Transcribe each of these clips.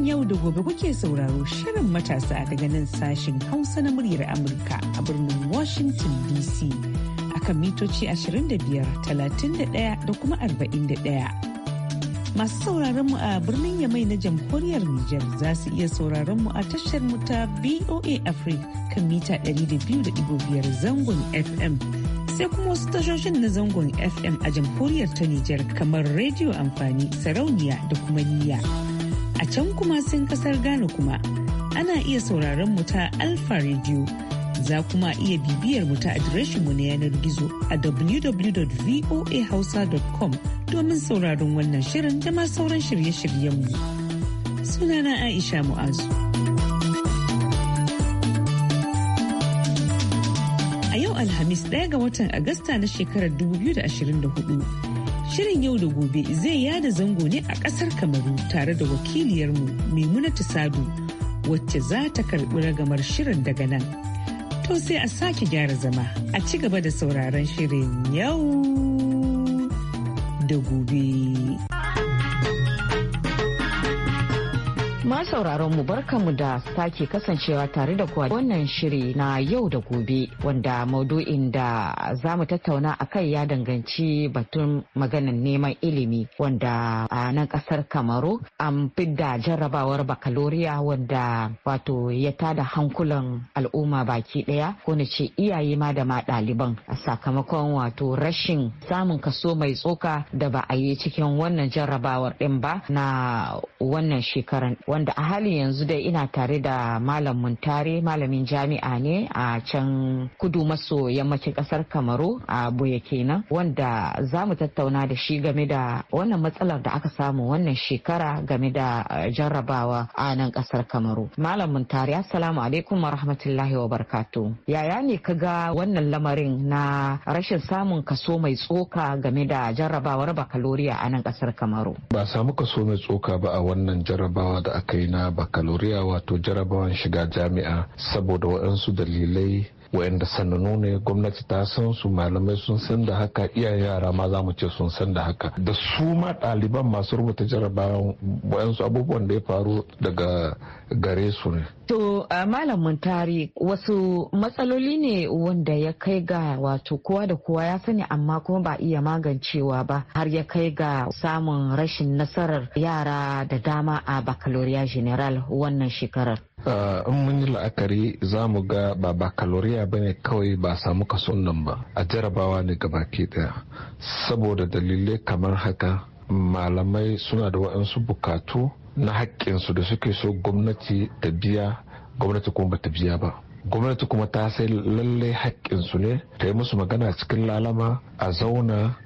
Shirin yau da gobe kuke sauraro shirin matasa daga nan sashen Hausa na muryar Amurka a birnin Washington DC a kan mitoci 25, 31 da kuma 41. masu sauraron mu a birnin yamai na jamhuriyar Nijar za su iya sauraron mu a tashar mu ta Africa kan mita 200.5 zangon FM. Sai kuma wasu tashoshin na zangon FM a jamhuriyar ta Nijar kamar rediyo amfani sarauniya da kuma niyya. A can kuma sun kasar Ghana kuma ana iya sauraron mu ta Alpha Radio. Za kuma iya bibiyar mu ta adireshin mu na yanar gizo a www.voahausa.com domin sauraron wannan shirin da ma sauran shirye-shiryen mu. Sunana Aisha Mu'azu. A yau Alhamis ɗaya ga watan Agusta na shekarar 2024. Shirin yau da gobe zai yada zango ne a ƙasar Kamaru tare da wakiliyarmu Maimunatu Sadu wacce za ta karɓi ragamar shirin daga nan. To sai a sake gyara zama a ci gaba da sauraron shirin yau da gobe. Masu sauraron mu barkanmu da sake kasancewa tare da kuwa wannan shiri na yau da gobe wanda maudu'in da za mu tattauna a kai ya danganci batun maganin neman ilimi wanda a nan kasar Kamaru an fidda jarrabawar bakaloriya wanda wato ya tada hankulan al'umma baki daya ko na ce iyaye ma da ma ɗaliban a sakamakon wato rashin samun kaso mai tsoka da ba a yi cikin wannan jarrabawar ɗin ba na wannan shekaran wanda a hali yanzu dai ina tare da malam muntare malamin jami'a ne a can kudu maso yammacin kasar kamaru a boye kenan wanda za mu tattauna da shi game da wannan matsalar da aka samu wannan shekara game da eh, jarrabawa a nan kasar kamaru malam muntare assalamu alaikum wa rahmatullahi wa barkatu yaya ne ka ga wannan lamarin na rashin samun kaso mai tsoka game da jarrabawar bakaloriya a nan kasar kamaru ba samu kaso mai tsoka ba a wannan jarrabawa da aka yi na bakaloriya wato jarabawan shiga jami'a saboda waɗansu dalilai wayanda sanannu ne gwamnati ta san su malamai sun san da haka iyayen yara ma za mu ce sun san da haka da su ma ɗaliban masu rubuta jarabawan wayansu abubuwan da ya faru daga gare su ne. To malamin tari wasu matsaloli ne wanda ya kai ga wato kowa da kowa ya sani amma kuma ba iya magancewa ba har ya kai ga samun rashin nasarar yara da dama a baccalaureate general wannan shekarar. Eh, in mun yi la'akari za mu ga ba ba kaloriya ba ne kawai ba samu kaso nan ba a jarabawa ne ke daya saboda dalilai kamar haka malamai suna da waɗansu bukatu na haƙƙinsu da suke so gwamnati ta biya gwamnati kuma bata biya ba gwamnati kuma ta sai lallai haƙƙinsu ne ta yi musu magana cikin lalama a zauna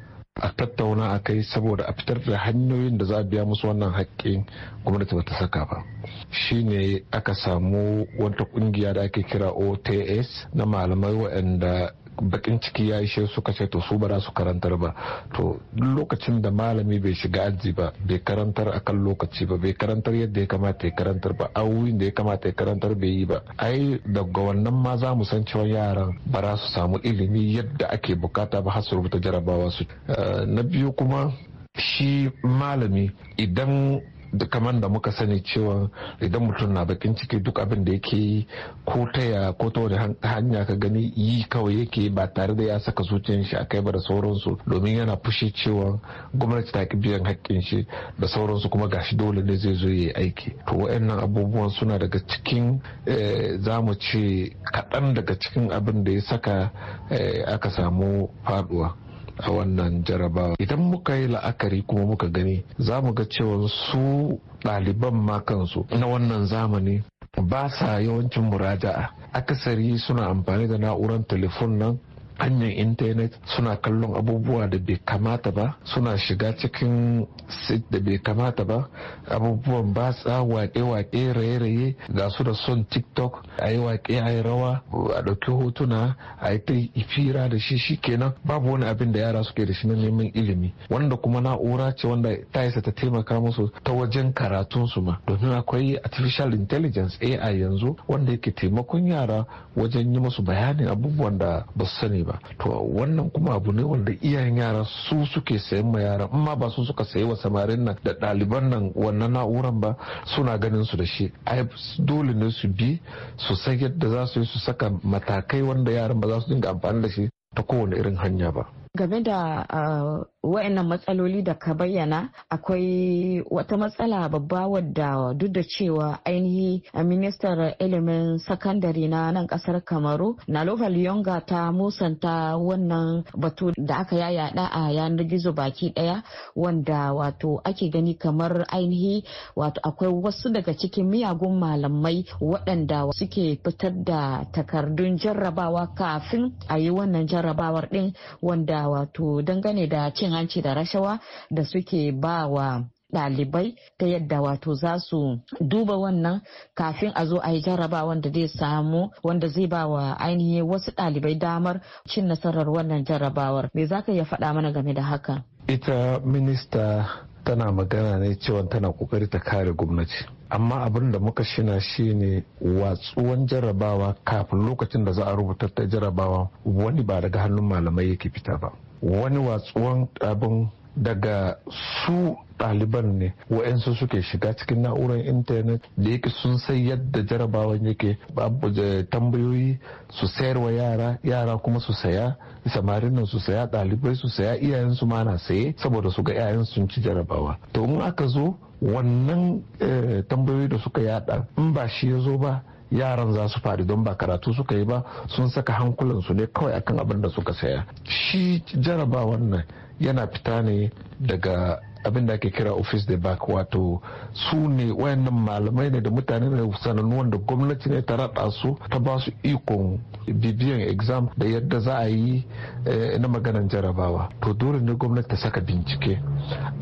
a tattauna a kai saboda a fitar da hanyoyin da za a biya musu wannan haƙƙin gwamnati bata saka ba shi ne aka samu wata ƙungiya da ake kira ots na malamai waɗanda bakin ciki ya yi ishe suka ce to su ba za su karantar ba to lokacin da malami bai shiga aji ba bai karantar a kan lokaci ba bai karantar yadda ya kamata ya karantar ba awuyin da ya kamata ya karantar bai yi ba ai daga wannan ma za mu san cewa yaran ba za su samu ilimi yadda ake bukata ba har su rubuta jarabawa su eh, na biyu kuma shi malami idan da kamar da muka sani cewa idan mutum na bakin ciki duk abin da yake yi ko taya ko ta wani hanya ka gani yi kawai yake ba tare da ya saka zuciyar shi kai ba da sauransu domin yana fushi cewa gwamnati ta ki biyan hakkin shi da sauransu kuma gashi dole ne zai zo yi aiki to wa'annan abubuwan suna daga cikin eh, za mu ce kaɗan daga cikin abin da ya saka eh, aka samu faɗuwa. a wannan jarabawa idan muka yi la'akari kuma muka gani za mu ga cewa su ɗaliban ma kansu na wannan zamani ba sa yawancin muraja'a akasari suna amfani da na'urar telefon nan hanyar intanet suna kallon abubuwa da bai kamata ba suna shiga cikin sit da bai kamata ba abubuwan batsa wake-wake raye-raye ga su da son tiktok a yi wake a yi rawa a ɗauki hotuna a yi ta fira da shi shi kenan babu wani abin da yara suke da shi na neman ilimi wanda kuma na'ura ce wanda ta isa ta taimaka musu ta wajen karatun su ma domin akwai artificial intelligence ai yanzu wanda yake taimakon yara wajen yi musu bayanin abubuwan da ba su sani ba to wannan kuma abu ne wanda iyayen yara su suke sayan ma yara amma ba su suka sayi wa samarin nan da ɗaliban nan wannan na'uran ba suna ganin su da shi ai dole ne su bi su san yadda za su yi su saka matakai wanda yaran ba za su dinga amfani da shi ta kowane irin hanya ba game da ah, wa'annan matsaloli da ka bayyana akwai wata matsala babba wadda duk da cewa ainihi eh, ministar ilimin sakandare na nan kasar kamaru na lokal yonga ta musanta wannan batu da aka yayaɗa a yanar gizo baki ɗaya wanda wato ake gani kamar ainihi wato akwai wasu daga cikin miyagun malamai waɗanda suke fitar da takardun jarrabawa kafin a yi wannan jarrabawar ɗin wanda wato dangane da cin hanci da rashawa da suke ba wa ɗalibai ta yadda wato za su duba wannan kafin a zo a yi jaraba wanda zai samu wanda zai ba wa ainihin wasu ɗalibai damar cin nasarar wannan jarabawar me za ka iya faɗa mana game da haka ita minista tana magana ne cewa tana kokari ta kare gwamnati amma abin da muka shina shine watsuwan jarabawa kafin lokacin da za a rubuta ta jarabawa wani ba daga hannun malamai yake fita ba wani watsuwan abin daga su ɗaliban ne waɗansu suke shiga cikin na'urar intanet da yake sun sai yadda jarabawan yake eh, tambayoyi su sayar wa yara yara kuma su saya samarin nan su saya ɗalibai su saya iyayensu ma na saye saboda su ga 'ya'yan sun ci jarabawa to in aka zo wannan eh, tambayoyi da suka yada in ba shi ya zo ba yaran za su faɗi don ba karatu suka yi ba sun saka hankulansu ne kawai akan abin da suka saya shi jarabawan nan yana fita ne daga abin da ake kira office de back wato su ne wayannan malamai ne da mutane da sanannu wanda gwamnati ne ta raɗa su ta ba su ikon bibiyan exam da yadda za a yi eh, na maganan jarabawa to dole ne gwamnati ta saka bincike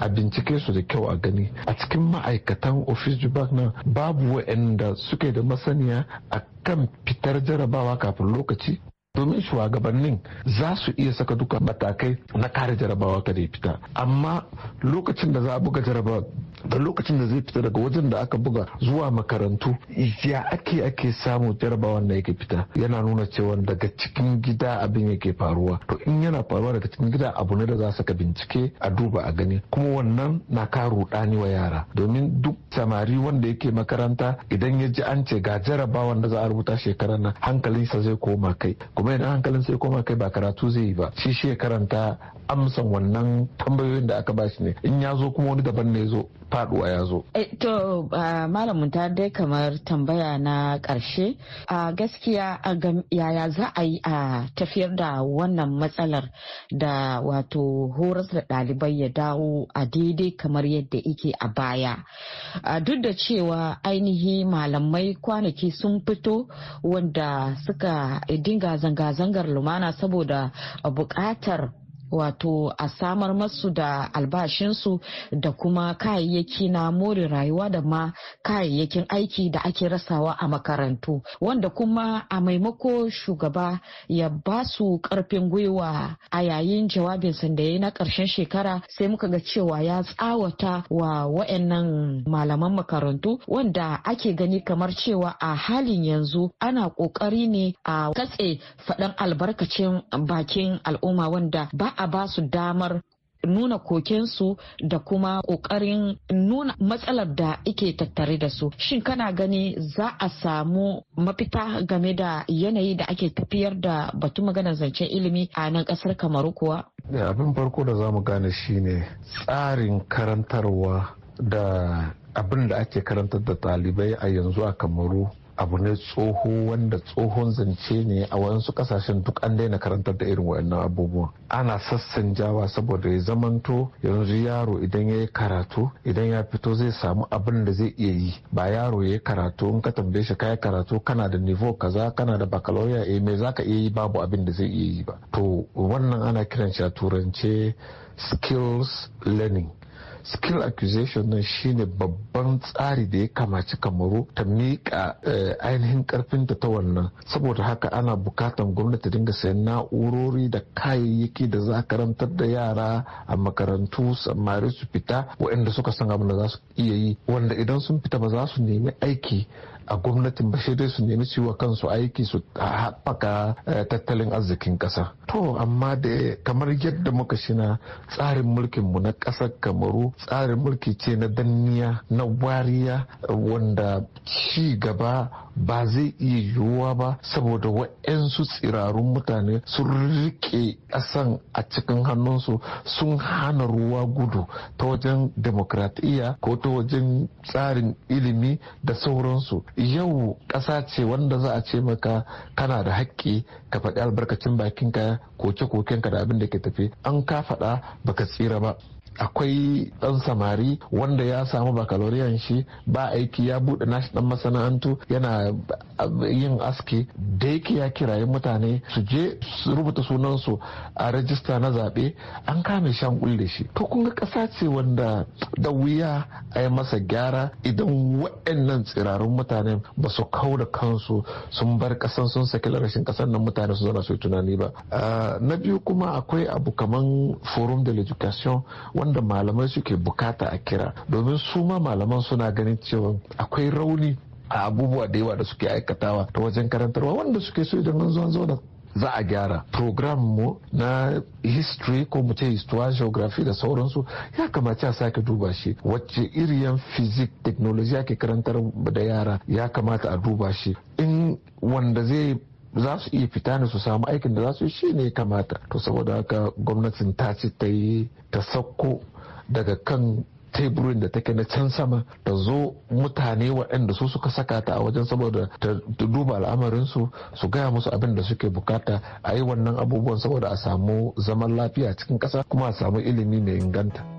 a bincike su da kyau a gani a cikin ma'aikatan office de back nan babu wayanda suke da masaniya a kan fitar jarabawa kafin lokaci domin shugabannin za su iya saka duka matakai na kare jarabawa kada ya fita amma lokacin da za a buga jarabawa da lokacin da zai fita daga wajen da aka buga zuwa makarantu ya ake ake samu jarabawan da yake fita yana nuna cewa daga cikin gida abin yake faruwa to in yana faruwa daga cikin gida abu ne da za su ka bincike a duba a gani kuma wannan na ka rudani wa yara domin duk samari wanda yake makaranta idan ya ji an ce ga jarabawan da za a rubuta shekarar nan hankalinsa zai koma kai kuma idan hankalin sai koma kai ba karatu zai yi ba shi shekaranta amsan wannan tambayoyin da aka bashi ne in ya zo kuma wani daban ne zo faduwa ya zo. Eh, to malamin ta dai kamar tambaya na ƙarshe a gaskiya yaya za a yi a tafiyar da wannan matsalar da wato horas da ɗalibai ya dawo a daidai kamar yadda ike a baya. Duk da cewa ainihi malamai kwanaki sun fito wanda suka dinga zanga-zangar lumana saboda buƙatar wato a samar masu da albashinsu da kuma kayayyaki na more rayuwa da ma kayayyakin aiki da ake rasawa a makarantu wanda kuma a maimako shugaba ya ba su karfin gwiwa a yayin jawabinsa da ya yi na karshen shekara sai muka ga cewa ya tsawata wa wa'annan malaman makarantu wanda ake gani kamar cewa a halin yanzu ana kokari ne a katse faɗan albarkacin bakin al'umma wanda ba a ba su damar nuna kokensu da kuma kokarin nuna matsalar da ike tattare da su shin kana gani za a samu mafita game da yanayi da ake tafiyar da batu maganar zancen ilimi a nan kasar kamaru kuwa eh, abin farko da za mu gane shine tsarin karantarwa da abin da ake karantar da ɗalibai a yanzu a kamaru abu ne tsoho wanda tsohon zance ne a wasu kasashen duk an daina karantar da irin wa'annan abubuwa ana sassan jawa saboda ya zamanto yanzu yaro idan ya yi karatu idan ya fito zai samu abin da zai iya yi ba yaro ya yi karatu in ka tambaye shi kai karatu kana da nivo kaza kana da baccalaureate eh me zaka iya yi babu abin da zai iya yi ba to wannan ana kiran shi a turance skills learning skill accusation nan shine babban tsari da ya kamaci kamaru ta miƙa eh, ainihin karfin ta wannan saboda haka ana bukatan gwamnati dinga sayan na'urori da kayayyaki da za karantar da yara a makarantu samari su fita waɗanda suka san abin da za su iya yi wanda idan sun fita ba za su nemi aiki a gwamnatin bashirai su nemi wa kansu aiki su haɓaka eh, tattalin arzikin ƙasa to amma da kamar yadda muka shina tsarin mulkin mu na ƙasar kamaru tsarin mulki ce na danniya na wariya wanda ci gaba ba zai iya yiwuwa ba saboda waɗansu tsirarun mutane sun rike ƙasan a cikin hannunsu sun hana ruwa gudu ta wajen demokratiya ko ta wajen tsarin ilimi da sauransu yau ƙasa ce wanda za a ce maka kana da haƙƙi ka faɗi albarkacin bakinka koke koken ka da abin da ke tafi an ka faɗa baka tsira ba akwai dan samari wanda ya samu bakaloriyan shi ba aiki ya bude nashi dan masana'antu yana eh, yin aski da yake ya kirayi mutane su je su rubuta sunansu a rajista na zaɓe an kame shan kulle shi to kun ga ƙasa ce wanda da wuya a yi masa gyara idan waɗannan tsirarun mutane ba su kau da kansu sun bar ƙasan sun saki rashin ƙasan nan mutane su zauna su yi tunani ba ah, na biyu kuma akwai abu kaman forum de l'education wanda malamai suke bukata a kira domin su ma malaman suna ganin cewa akwai rauni a abubuwa da yawa da suke aikatawa ta wajen karantarwa wanda suke so idan zuwan zo da za a gyara program mu na history ko mu ce histoire geography da sauransu ya kamata a sake duba shi wacce iriyan physics technology ake karantar da yara ya kamata a duba shi in wanda zai za su iya fita ne su samu aikin da za su yi shi ne kamata to saboda haka gwamnatin ta ce ta yi ta sauko daga kan teburin da take na can sama ta zo mutane waɗanda su suka saka ta a wajen saboda ta duba al'amarinsu su gaya musu abin da suke bukata a yi wannan abubuwan saboda a samu zaman lafiya cikin ƙasa kuma a samu ilimi mai inganta.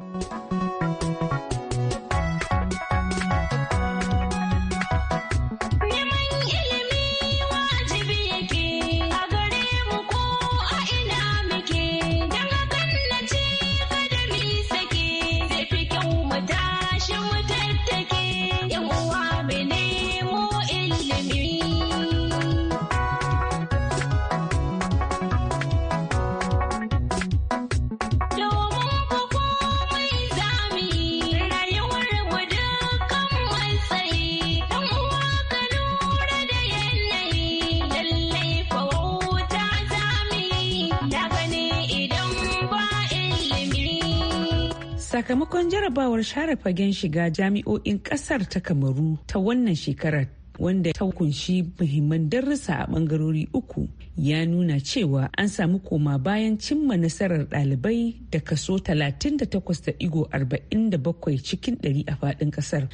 jarabawar share fagen shiga jami'o'in kasar ta kamaru ta wannan shekarar wanda ta kunshi muhimman darussa a bangarori uku ya nuna cewa an samu koma bayan cimma nasarar dalibai da kaso 38.47 cikin 100 a fadin kasar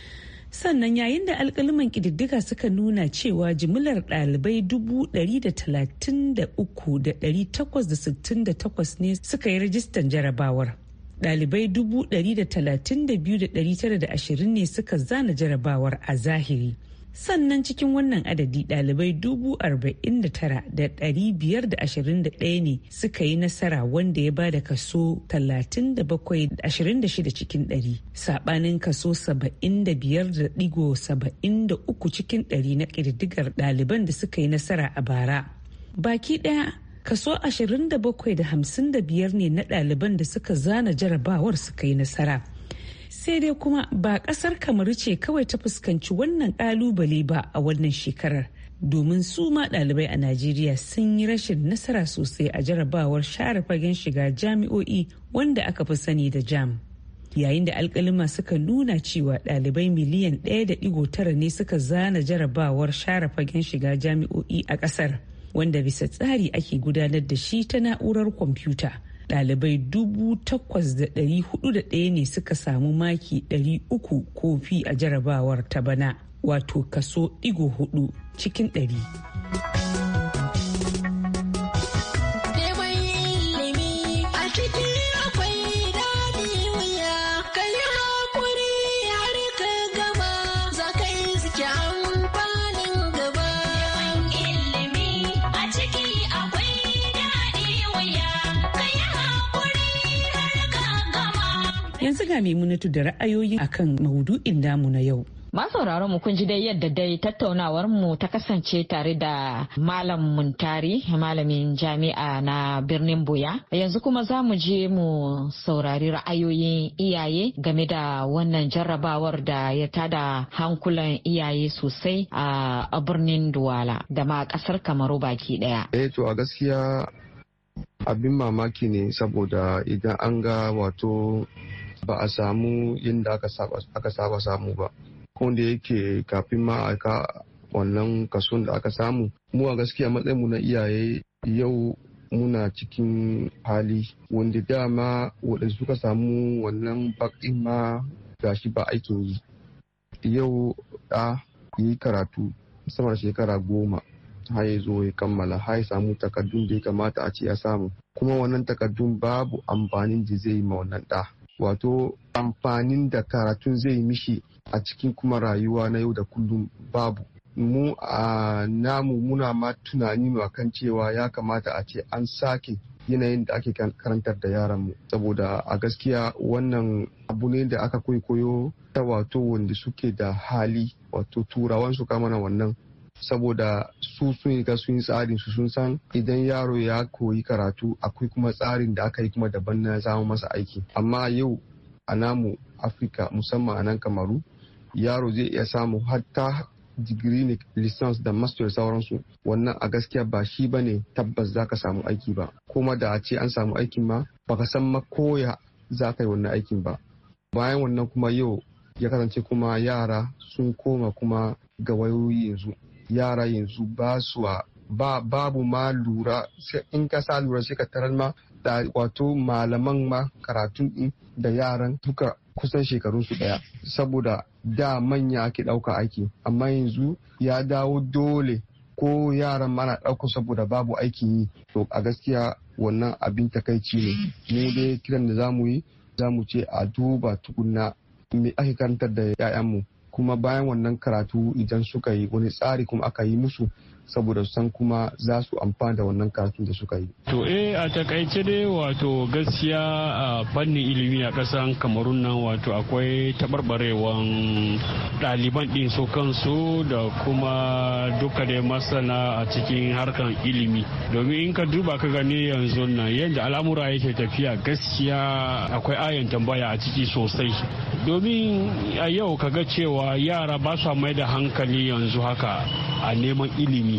sannan yayin da alkaliman kididdiga suka nuna cewa jimilar ɗalibai 133,868 ne suka yi rajistan jarabawar ɗalibai 132,920 ne suka zana jarabawar a zahiri sannan cikin wannan adadi ɗalibai 49,521 ne suka yi nasara wanda ya bada kaso 37.26 cikin 100 Sabanin kaso 75.73 cikin 100 na ƙididdigar ɗaliban da suka yi nasara a bara baki ɗaya kaso 27.55 ne na ɗaliban da suka zana jarabawar suka yi nasara sai dai kuma ba ƙasar kamaru ce kawai ta fuskanci wannan ƙalubale ba a wannan shekarar domin su ma ɗalibai a najeriya sun yi rashin nasara sosai a jarabawar share fagen shiga jami'o'i wanda aka fi sani da jam yayin da alkalima suka nuna cewa ɗalibai miliyan 1.9 ne suka zana jarabawar share fagen shiga jami'o'i a ƙasar wanda bisa tsari ake gudanar da shi ta na'urar kwamfuta ɗalibai ɗaya ne suka samu maki uku ko fi a jarabawar ta bana wato kaso ɗigo hudu cikin ɗari. ga Maimunatu da ra'ayoyi akan maudu'in namu na yau. sauraron mu kun ji dai yadda dai tattaunawar mu ta kasance tare da Malam Muntari, malamin jami'a na birnin Buya. Yanzu kuma za mu je mu saurari ra'ayoyin iyaye game da wannan jarrabawar da ya tada hankulan iyaye sosai a birnin Duwala da ma kasar Kamaru baki daya. Eh to a gaskiya abin mamaki ne saboda idan an ga wato ba a samu yadda aka saba samu ba kuma da yake kafin ma wannan kason da aka samu mu a gaskiya matsayin mu na iyaye yau muna cikin hali wanda dama waɗanda suka samu wannan baƙin ma gashi ba aikin yi yau da yi karatu musamman shekara goma har ya zo ya kammala har ya samu takardun da ya kamata a ce ya samu kuma wannan takardun babu amfanin da zai yi ma wannan ɗa wato amfanin da karatun zai mishi a cikin kuma rayuwa na yau da kullum babu mu a namu muna ma tunani kan cewa ya kamata a ce an sake yanayin da ake karantar da yaran mu. saboda a gaskiya wannan abu ne da aka koyo ta wato wanda suke da hali wato turawan su kamana wannan saboda su sun riga sun yi tsarin su sun san idan yaro ya koyi karatu akwai kuma tsarin da aka yi kuma daban na samu masa aiki amma yau a namu afirka musamman a nan kamaru yaro zai iya samu hatta digiri ne lisans da master sauransu wannan a gaskiya ba shi ba ne tabbas za ka samu aiki ba kuma da a ce an samu aikin ma baka san makoya za ka yi wannan aikin ba bayan wannan kuma yau ya kasance kuma yara sun koma kuma ga wayoyi yanzu yara yanzu ba su ba babu ma lura in ka sa lura sai ka tarar ma da wato malaman ma karatun da yaran duka kusan shekarun su daya saboda da manya ake dauka aiki amma yanzu ya dawo dole ko yaran mana dauka saboda babu aiki yi to a gaskiya wannan abin takaici ne mu dai kiran da zamu yi zamu ce a duba tukunna me ake karantar da 'ya'yanmu kuma bayan wannan karatu idan suka yi wani tsari kuma aka yi musu saboda san kuma za su amfana da wannan karatun da suka yi. To eh a takaice dai wato gaskiya a fannin ilimi a kasan kamarun nan wato akwai tabarbarewan ɗaliban ɗin su kansu da kuma duka da masana a cikin harkan ilimi. Domin in ka duba ka gani yanzu nan yadda al'amura yake tafiya gaskiya akwai ayan tambaya a ciki sosai. Domin a yau ka ga cewa yara ba su mai da hankali yanzu haka a neman ilimi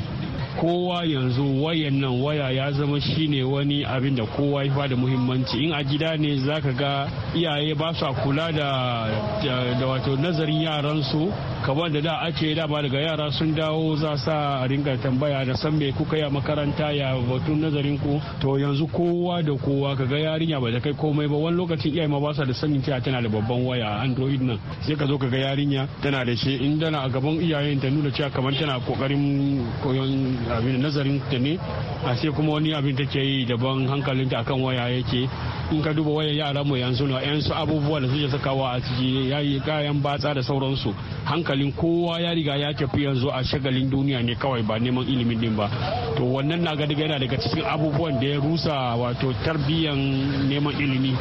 kowa yanzu wayan nan waya ya zama shine wani abin da kowa ya da muhimmanci in a gida ne za ka ga iyaye ba su kula da wato nazarin yaransu kamar da da ake dama daga yara sun dawo za sa a ringa tambaya da san me kuka ya makaranta ya batun nazarin ku to yanzu kowa da kowa kaga yarinya ba da kai komai ba wani lokacin iyaye ma ba sa da sanin cewa tana da babban waya android nan sai ka zo kaga yarinya tana da shi in tana a gaban iyayen ta nuna cewa kamar tana kokarin koyon abin nazarin ta ne a sai kuma wani abin take yi daban ta akan waya yake in ka duba wayan yara mu yanzu na yan su abubuwa da suke sakawa a ciki yayi kayan batsa da sauransu hankali hankalin kowa ya riga ya tafi yanzu a shagalin duniya ne kawai ba neman ilimin din ba to wannan na gadi yana daga cikin abubuwan da ya rusa wato tarbiyyan neman ilimi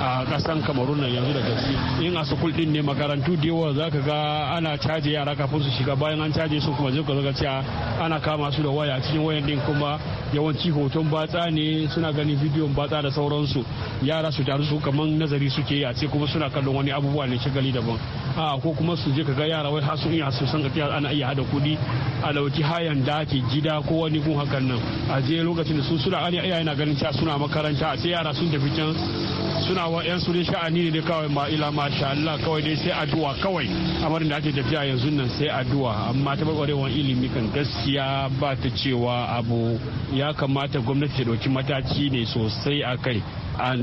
a kasan kamarun nan yanzu da gaske in a sukul din ne makarantu da yawa ka ga ana caje yara kafin su shiga bayan an caje su kuma zai ga cewa ana kama su da waya cikin wayan din kuma yawanci hoton batsa ne suna ganin bidiyon batsa da sauransu yara su taru su kaman nazari suke yi a ce kuma suna kallon wani abubuwa ne shagali daban a ko kuma su je ka ga yara wai sun in sun gaskiya ana iya hada kudi a lauki hayan daki gida ko wani gun hakan nan a je lokacin da su suna ana iya yana ganin cewa suna makaranta a sai yara sun tafi can suna wa yan su sha'ani ne kawai ma ila masha Allah kawai dai sai addu'a kawai amarin da ake tafiya yanzu nan sai addu'a amma ta wani ilimi kan gaskiya ba ta cewa abu ya kamata gwamnati ta dauki mataki ne sosai a kai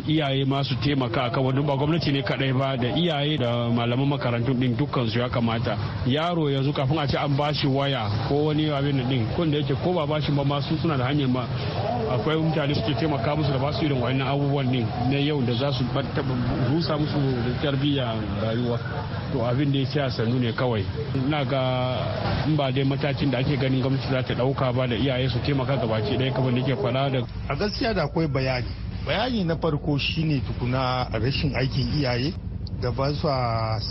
iyaye ma su taimaka kan wani ba gwamnati ne kadai ba da iyaye da malaman makarantun din dukkan su ya kamata yaro yanzu kafin a ce an bashi waya ko wani abin din kun da yake ko ba bashi ba ma suna da hanyar ma akwai mutane suke taimaka musu da ba su irin wa'annan abubuwan ne na yau da za su rusa musu da tarbiyya rayuwa to abin da ya ce a sannu ne kawai ina ga in ba dai matakin da ake ganin gwamnati za ta dauka ba da iyaye su taimaka gabaci ɗaya kamar da ke fada da a gaskiya da akwai bayani bayani na farko shine tukuna rashin aikin iyaye da ba su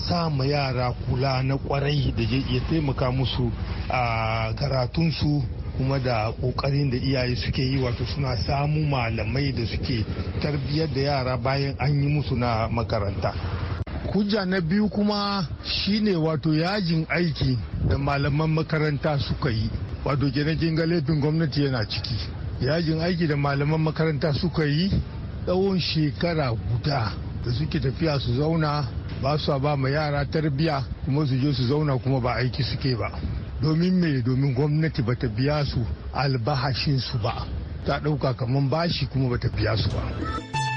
sa ma yara kula na kwarai da iya taimaka musu a karatunsu kuma da kokarin da iyaye suke yi wato suna samu malamai da suke tarbiyyar da yara bayan an yi musu na makaranta hujja na biyu kuma shine wato yajin aiki da malaman makaranta suka yi wato gine-gine gwamnati yana ciki yajin aiki da malaman makaranta suka yi tsawon shekara guda da suke tafiya su zauna ba su ba ma yara tarbiya kuma su je su zauna kuma ba aiki suke ba domin me domin gwamnati bata biya su albahashinsu ba ta ɗauka kamar bashi kuma bata biya su ba.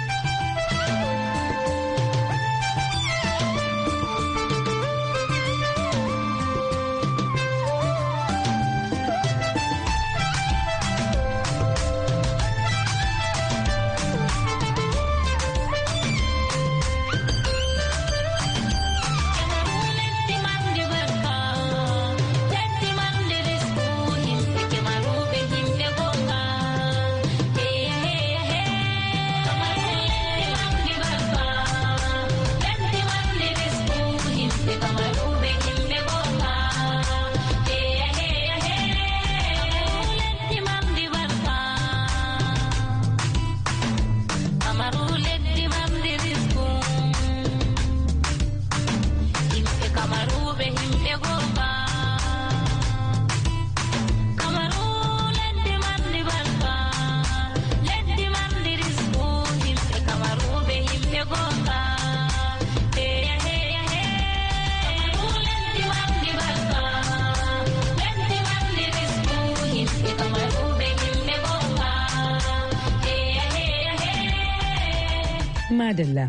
madalla.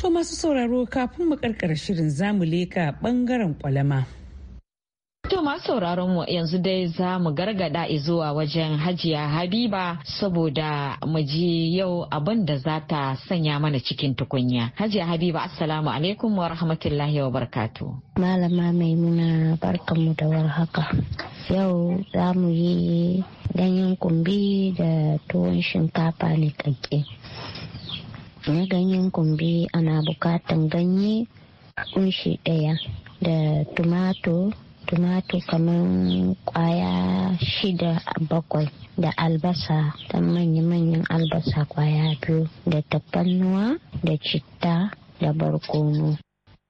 To masu sauraro kafin mu karkara shirin zamu leka bangaren kwalama. To masu sauraron mu yanzu dai za mu gargada zuwa wajen Hajiya Habiba saboda mu ji yau abin da za ta sanya mana cikin tukunya. Hajiya Habiba Assalamu alaikum wa rahmatullahi wa barkatu. Malama Maimuna barkanmu da warhaka. Yau za mu yi ganyen kumbi da tuwon shinkafa ne kakke. na ganyen kumbi ana bukatan ganye kunshi ɗaya da tumato tumato kamar kwaya shida bakwai da albasa ta manya-manyan albasa kwaya biyu da tafannuwa da citta da barkono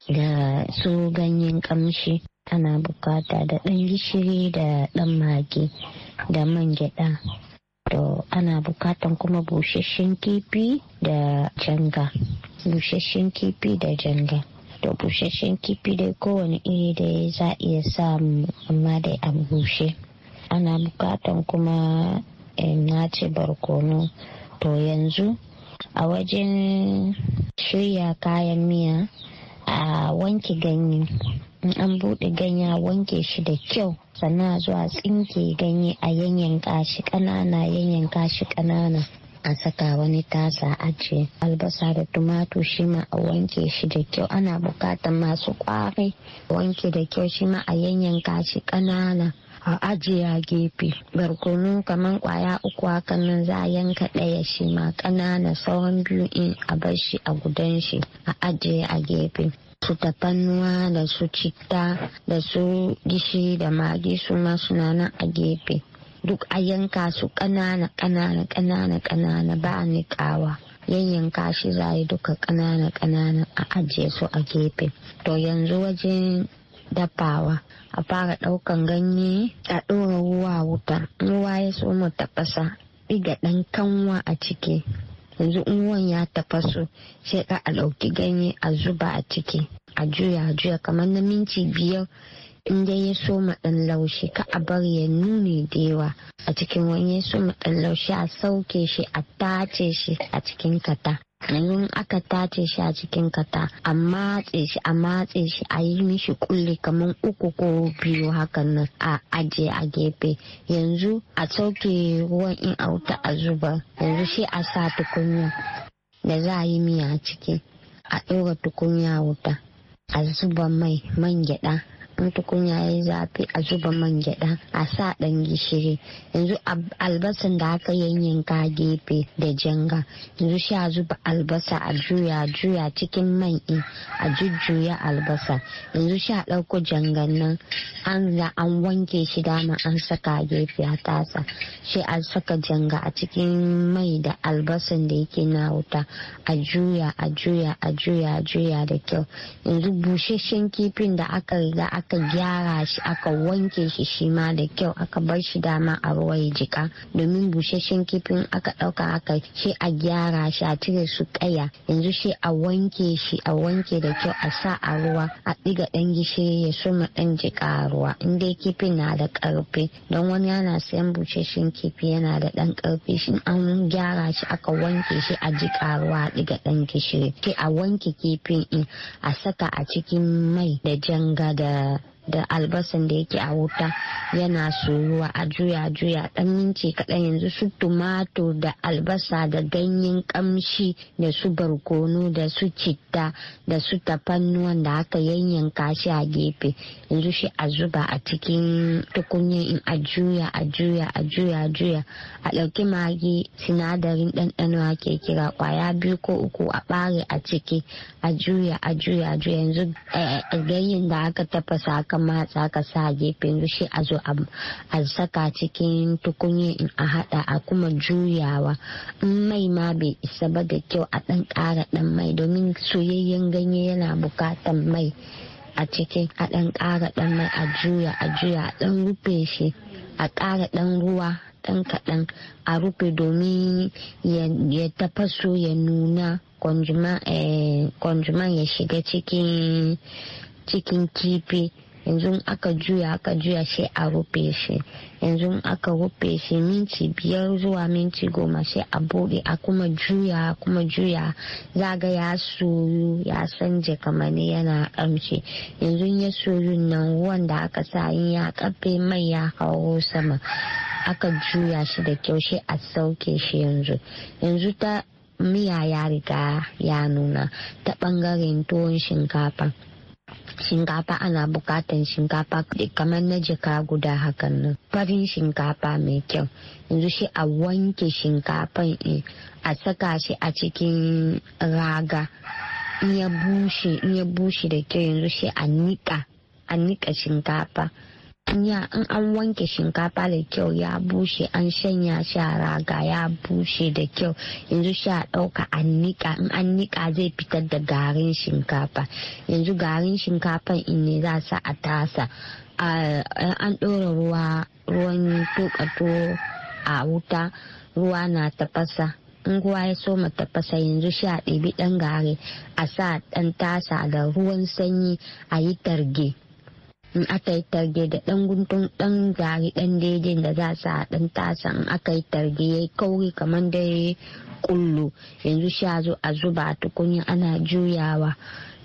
da su ganyen kamshi ana bukata da ɗan gishiri da ɗan mage da man gyaɗa to ana bukatan kuma busasshen kifi da janga busasshen kifi da janga to busasshen kifi dai kowane iri da za iya samu amma dai a bushe ana bukatan kuma eh, na ce barkono to yanzu a wajen shirya kayan miya a wanke ganye in an bude ganye wanke shi da kyau sannan zuwa tsinke ganye a yanyanka shi kanana yanyanka shi kanana a saka wani tasa a ajiye albasa da tumatu shi ma a wanke shi da kyau ana bukatar masu kwarai wanke da kyau shi ma a yanyanka shi kanana a ajiye gefe barkono kamar kwaya uku hakan nan za a yanka ɗaya shi ma ƙanana sauran biyu in a bar shi a gudan shi a ajiye a gefe su tafannuwa da su citta da su gishi da magi su ma suna nan a gefe duk a yanka su ƙanana ƙanana ƙanana ƙanana ba a niƙawa yayyanka shi za duka ƙanana ƙanana a ajiye su a gefe to yanzu wajen dafawa a fara ɗaukan ganye a ɗora ruwa wuta ruwa ya so mu tafasa ɗiga ɗan kanwa a ciki yanzu in ruwan ya tafasu sai ka a ɗauki ganye a zuba a ciki a juya a juya kamar na minti biyar in dai ya so ɗan laushi ka a bari ya nuni da yawa a cikin wani ya so ɗan laushi a sauke shi a tace shi a cikin kata in aka tace shi a cikin kata a matse shi a matse shi a yi mishi kulle kamar uku ko biyu hakan nan a aje a gefe yanzu a sauke ruwan in a wuta a zuba yanzu shi a sa tukunya da za a yi miya a ciki a ɗora tukunya wuta a zuba mai man gyaɗa in tukunya ya zafi a zuba man gyada a sa dan gishiri yanzu albasan da aka yanyanka gefe da janga yanzu shi a zuba albasa a juya juya cikin man in a jujjuya albasa yanzu shi a ɗauko jangan nan an za an wanke shi dama an saka gefe a tasa shi a saka janga a cikin mai da albasan da yake na wuta a juya a juya a juya a juya da kyau yanzu busasshen kifin da aka riga aka aka gyara shi aka wanke shi shi ma da kyau aka bar shi dama a ruwa ya jika domin busasshen kifin aka ɗauka aka shi a gyara shi a cire su kaya yanzu shi a wanke shi a wanke da kyau a sa a ruwa a ɗiga ɗan gishiri ya soma ɗan jika a ruwa in dai kifin na da ƙarfi don wani yana sayan busasshen kifi yana da ɗan ƙarfi shi an gyara shi aka wanke shi a jika ruwa a ɗiga ɗan gishiri ke a wanke kifin in a saka a cikin mai da janga da da albasan da yake a wuta yana soyuwa a juya juya dan minti kaɗan yanzu su tumatur da albasa da ganyen kamshi da su barkono da su citta da su tafannuwan da aka yanyanka shi a gefe yanzu shi a zuba a cikin tukunyar in a juya a juya a juya juya a ɗauki magi sinadarin ɗanɗano ake kira kwaya biyu ko uku a ɓare a ciki a juya a juya a juya yanzu eh, eh, ganyen da aka tafasa aka matsa ka sa gefen rushe a zo a saka cikin tukunye in a hada a kuma juyawa in mai ma bai isa ba da kyau a dan kara dan mai domin soyayyen ganye yana bukatan mai a cikin a dan kara dan mai a juya a juya a dan rufe shi a kara dan ruwa dan kadan a rufe domin ya tafaso ya nuna kwanjuman eh, ya shiga cikin kifi yanzu aka juya aka juya sai a rufe shi yanzu aka rufe shi minti biyar zuwa minti goma sai a buɗe a kuma juya kuma juya zaga ya soyu ya san jakamani yana ƙamshi yanzu ya soyu nan wanda aka sa yi ya kafe mai ya hauro sama aka juya shi da kyau shi a sauke shi yanzu yanzu ta miya ya riga ya nuna ta ɓangaren tuwon shinkafa shinkafa ana bukatan shinkafa kamar na jika guda hakan nan farin shinkafa mai kyau yanzu shi a wanke shinkafan eh, a saka shi a cikin raga in bushe da kyau yanzu shi a nika shinkafa tukunya in an wanke shinkafa da kyau ya bushe an shanya shi raga ya bushe da kyau yanzu shi a ɗauka an niƙa in an niƙa zai fitar da garin shinkafa yanzu garin shinkafa in ne za sa a tasa an ɗora ruwa ruwan tuƙa a wuta ruwa na tafasa in ruwa ya soma tafasa yanzu sha ɗibi ɗan gari a sa ɗan tasa da ruwan sanyi a yi targe in aka yi targe da dan guntun dan gari dan daidai da za sa dan tasa in aka yi targe yi kauri kamar da ya kullu yanzu sha zo a zuba tukunya ana juyawa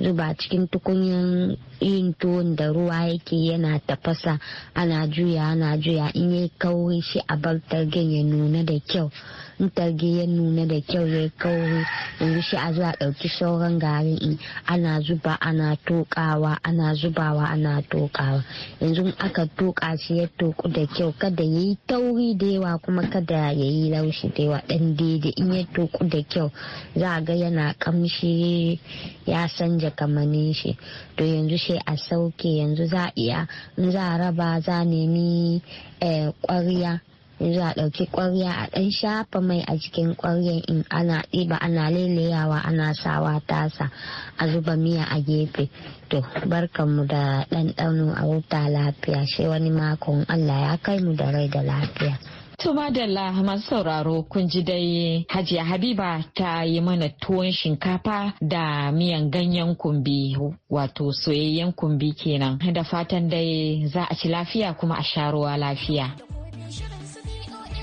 zuba cikin tukunyan yin tuwon da ruwa yake yana tafasa ana juya ana juya in ya kauri shi a bar targen ya nuna da kyau in targe ya nuna da kyau ya kauri yanzu shi a zuwa ɗauki sauran gari in ana zuba ana tokawa ana zubawa ana tokawa yanzu aka toka shi ya toku da kyau kada ya yi tauri da yawa kuma kada ya yi laushi da yawa ɗan daidai in ya toku da kyau za a ga yana kamshi ya san canja kamanin shi to yanzu shi a sauke yanzu za a iya in za a raba za a nemi kwarya eh, yanzu a ɗauki kwarya a ɗan shafa mai a cikin kwaryan in ana ɗiba ana lelayawa ana sawa tasa a zuba miya a gefe to barkanmu da ɗanɗano a wuta lafiya shi wani makon allah ya kai mu da rai da lafiya To madalla masu sauraro kun ji dai Hajiya Habiba ta yi mana tuwon shinkafa da miyan ganyen kumbi wato soyayyen kumbi kenan. Da fatan dai za a ci lafiya kuma a sha lafiya.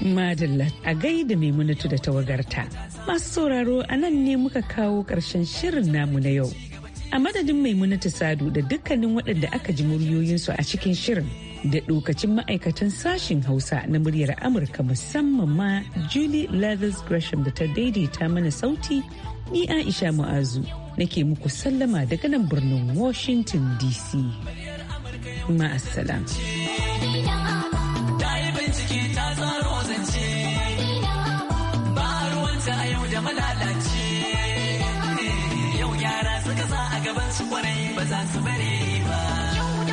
Madalla a gaida Maimunatu da tawagarta. Masu sauraro a nan ne muka kawo karshen shirin namu na yau. A madadin Maimunatu Sadu da dukkanin waɗanda aka ji muryoyinsu a cikin shirin. da dokacin ma'aikatan sashen hausa na muryar amurka musamman ma julie leathers gresham da ta daidaita mana sauti ni aisha mu'azu nake muku sallama daga nan birnin washington dc ma'assalam. ta tsaro zance ba ruwanta a yau da malalaci